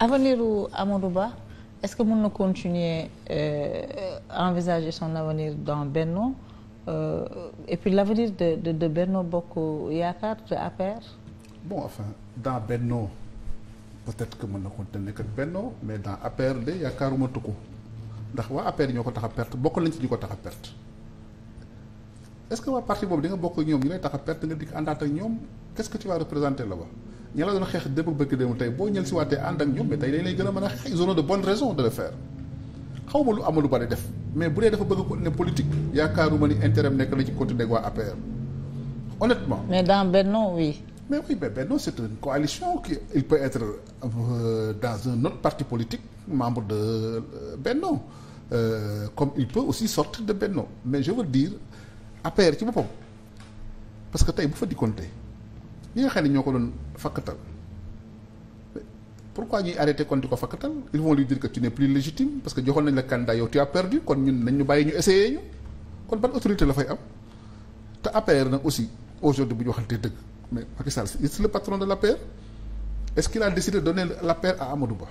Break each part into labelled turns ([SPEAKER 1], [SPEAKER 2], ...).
[SPEAKER 1] avenir u Amadou Ba est-ce que mën na continuer euh, envisager son avenir dans Benno euh, et puis l'avenir de de de Benno Bokk Yaakaar de APR.
[SPEAKER 2] bon enfin dans Benno peut-être que mën na continuer kat Benno mais dans APR de yaakaaruma tukku ndax waa APR ñoo ko tax a perte bokk nañ ci ñi ko tax a perte est-ce que waa parti boobu di bokk ñoom ñu lay tax a perte nga dikk àndaat ak ñoom quest que tu vas représenter là-bas. ñi la doon xeex démb bëgg démb tey boo ñël si waatee ànd ak ñoom mais tey dañ lay gën a mën a xeex ils ont de bonnes raisons de le faire xaw lu Amadou Ba di def mais bu dee dafa bëgg ne politique yaakaaruma ni intérêt am nekk na ci continuer ak waa APR honnêtement. mais dans Benno oui. mais oui mais Benno c'est une coalition qui il peut être euh, dans un autre parti politique membre de euh, Benno euh, comme il peut aussi sort de Benno mais je veux dire APR ci boppam parce que tey bu fa di compter ñoo ko doon. fakkatal pourquoi ñuy arrêté kon di ko fakkatal ils vont lui dire que tu n'es plus légitime parce que joxoon nañ la candidat yow tu as perdu kon ñun nañ ñu bàyyi ñu essayé ñu kon ban autorité la fay am te APR nag aussi aujourd'hui bu ñu te dëgg mais Macky Sall c'est le patron de l'APR est-ce qu'il a décidé de donner l'APR à Amadou Ba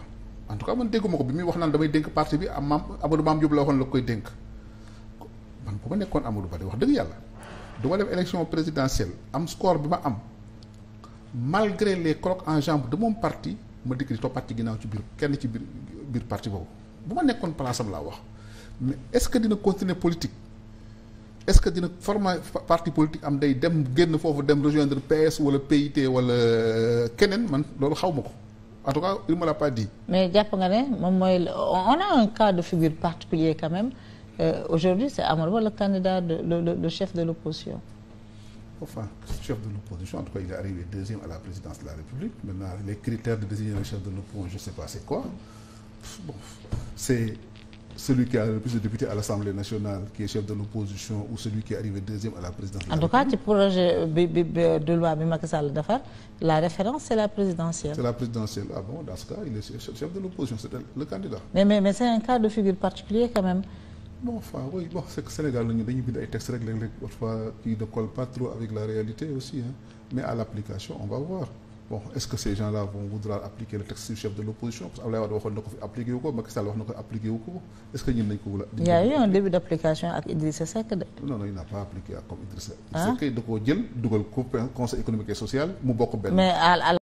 [SPEAKER 2] en tout cas man dégguma ko bi muy wax naan damay dénk parti bi am maam Amadou Maam Diop la waxoon la koy dénk bu ma nekkoon Amadou Ba wax dëgg yàlla du ma dem élection présidentielle am score bi ma am malgré les crocs en jambe de mon parti ma dikk di toppaat ginnaaw ci biir kenn ci biir biir parti boobu bu ma nekkoon place am laa wax est-ce que dina continuer politique est-ce que dina former parti politique am day dem génn foofu dem rejoindre PS wala PIT wala euh, keneen man loolu xaw ma ko en tout cas il l'a pas
[SPEAKER 1] mais jàpp nga ne moom mooy on a un cas de figure particulier quand même euh, aujourd'hui c'est Amadou Ba le candidat de le, le, chef de l'opposition Enfin,
[SPEAKER 2] chef de l'opposition, en tout cas, il est arrivé deuxième à la présidence de la République. Maintenant, les critères de désigner de l'opposition, je sais pas c'est quoi. c'est celui qui a le plus de députés à l'Assemblée nationale qui est chef de l'opposition ou celui qui arrivé deuxième à la présidence de
[SPEAKER 1] la En tout cas, ci projet bi bi de loi bi Macky la référence c'est la présidentielle. C'est
[SPEAKER 2] la présidentielle. Ah bon, dans ce cas, il est chef bon enfin oui bon c'est que Sénégal la ñu dañuy ay textes rek léeg-léeg parfois qui ne collent avec la réalité aussi mais à l'application on va voir bon est-ce que ces gens-là vont vouloir appliquer le texte chef de l'opposition parce que Abdoulaye Wade waxoon na ko fi appliqué wu ko Macky Sall wax na ko appliqué wu ko est-ce que ñun nañ ko wula. il y a eu un
[SPEAKER 1] début d'application ak Idrissa Seck de. non
[SPEAKER 2] non il n'a pas comme Idrissa Seck. ah da koo jël dugal